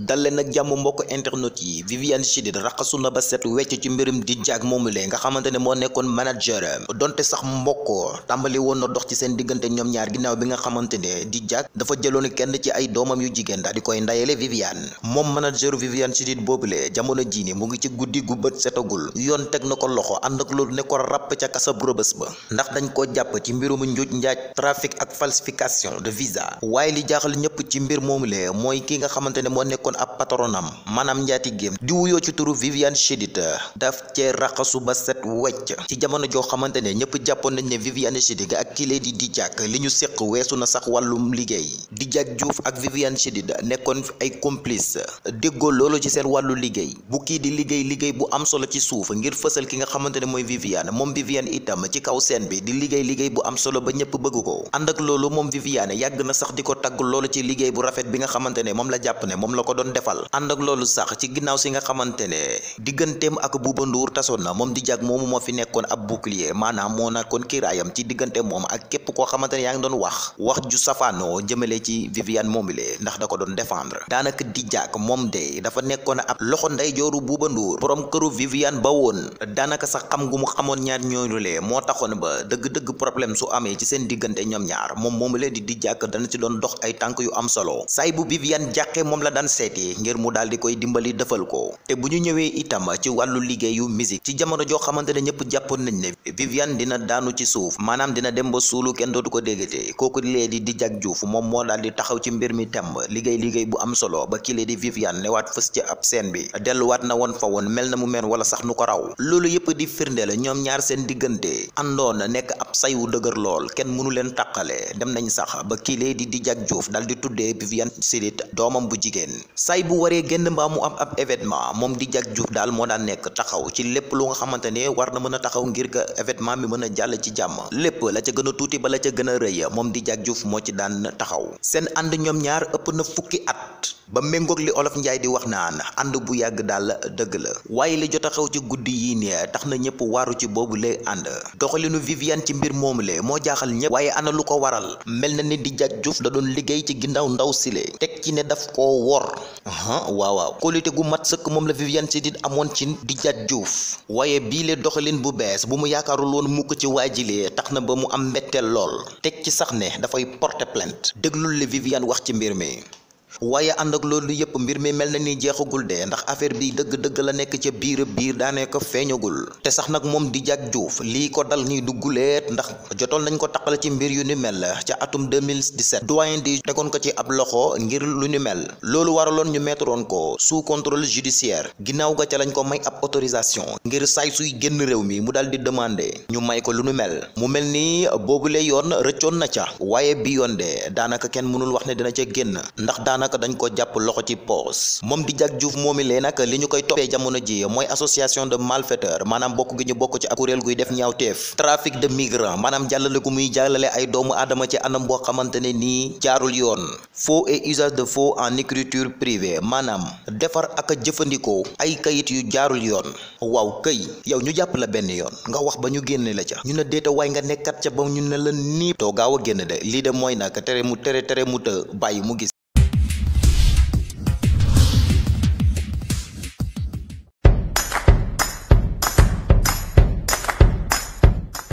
dal leen nag jàmm mbokk internet yi Viviane Chidid raxasu na ba set wecc ci mbirum Didji ak moomule nga xamante ne moo nekkoon manager donte sax mbokk tàmbali woon na dox ci seen diggante ñoom ñaar ginnaaw bi nga xamante ne Didji ak dafa jëloon kenn ci ay doomam yu jigéen daal di koy ndayale Viviane moom manager Viviane Chidid boobule jamono jii ni mu ngi ci guddi gu bët setagul yoon teg na ko loxo ànd ak loolu ne ko ràpp ca kasab Rebeuss ba ndax dañ koo jàpp ci mbirum njuuj njaaj trafic ak falsification de visa waaye li jaaxal ñëpp ci mbir moomule mooy nekkoon ab patronam di wuyoo ci turu Viviane Chidid daf cee raxasu ba set wecc ci jamono joo xamante ne ñëpp jàppoon nañ ne Viviane Chidid ak kile di Dijak li ñu séq weesu na sax wàllum liggéey Dijak Diouf ak Viviane Chidid nekkoon ay complice déggoo loolu ci seen wàllu liggéey bu kii di liggéey liggéey bu am solo ci suuf ngir fësal ki nga xamante ne mooy Viviane moom Viviane itam ci kaw seen bi di liggéey liggéey bu am solo ba ñëpp bëgg ko ànd ak loolu moom Viviane yàgg na doon defal ànd ak loolu sax ci nga xamante ne digganteem ak Bouba Ndour tasoon na moom di jag moomu moo fi nekkoon ab bouclier maanaam moo nekkoon kiiraayam ci diggante moom ak képp koo xamante ne ngi doon wax wax ju safaanoo jëmale ci Viviane Moomile ndax da ko doon défendre daanaka di jag moom de dafa nekkoon ab loxo ndeyjooru Bouba Ndour borom këru Viviane ba woon daanaka sax xam gu mu xamoon ñaar ñooñulee moo taxoon ba dëgg-dëgg problème su amee ci seen diggante ñoom ñaar moom Moomile di di jàkk dana ci doon dox ay tànk yu am solo saay bu Viviane jàqee moom la daan seet yi ngir mu daal di koy dimbali defal ko te bu ñu ñëwee itam ci wàllu liggéeyu musique ci jamono joo xamante ne ñëpp jàppoon nañ ne Viviane dina daanu ci suuf maanaam dina dem ba suulu kenn dootu ko déggate kooku lee di jag juuf moom moo daal di taxaw ci mbir mi temb liggéey liggéey bu am solo ba kile di Viviane newaat fës ci ab seen bi delluwaat na woon fa woon mel na mu mel wala sax nu ko raw loolu yëpp di firnde la ñoom ñaar seen diggante àndoon nekk ab sayu dëgër lool kenn mënu leen taqale dem nañ sax ba kile di di jag juuf dal di tuddee Viviane Chidid doomam bu jigéen say bu waree génn mbaa mu am ab événement moom di jag juuf daal moo daan nekk taxaw ci lépp lu nga xamante ne war na mën a taxaw ngir ka événement mi mën a jàll ci jàmm lépp la ca gën a tuuti ba la ca gën a rëy moom di jag juuf moo ci daan taxaw seen ànd ñoom ñaar ëpp na fukki at ba méngoog li olof njaay di wax naan ànd bu yàgg daal dëgg la waaye li jot a xew ci guddi yi ne tax na ñëpp waaru ci boobu lay ànd doxalinu Viviane ci mbir moom la moo jaaxal ñëpp waaye ana lu ko waral mel na ni di jaaj Juuf da doon liggéey ci ginnaaw ndaw sile teg ci ne daf ko wor waaw waaw kóolite gu mat sëkk moom la Viviane Chidid amoon ci di jaaj Juuf waaye bii le doxalin bu bees bu mu yaakaarul woon mukk ci waajilee tax na ba mu am mbetteel lool teg ci sax ne dafay porter plainte déglul li Viviane wax ci mbir mi waaye ànd ak loolu yëpp mbir mi mel na ni jeexagul de ndax affaire bi dëgg-dëgg la nekk ca biir biir daanaka feeñagul te sax nag moom di jaaj Juuf lii ko dal nii dugguleet ndax jotoon nañ ko taqal ci mbir yu ni mel ca atum 2017 doyen di tegoon ko ci ab loxo ngir lu nu mel loolu waraloon ñu mettroon ko sous contrôle judiciaire ginnaaw ga ca lañ ko may ab autorisation ngir saay suy génn réew mi mu daal di demander ñu may ko lu nu mel mu mel ni boobule yoon rëccoon na ca waaye bi yoon de daanaka kenn mënul wax ne dina ca génn daanaka dañ ko jàpp loxo ci poos moom di jag Diouf moom lee nag li ñu koy toppee jamono ji mooy association de malfaiteurs maanaam bokk gi ñu bokk ci ab kuréel guy def ñaawteef trafic de migrants maanaam jàllale gu muy jàllale ay doomu adama ci anam boo xamante ne nii jaarul yoon faux et usage de faux en écriture privée maanaam defar ak jëfandikoo ay kayit yu jaarul yoon waaw kay yow ñu jàpp la benn yoon nga wax ba ñu génnee la ca ñu ne déeta waay nga nekkat ca ba ñu ne la nii gaaw a de lii de mooy nag tere mu tere tere mu bàyyi mu gis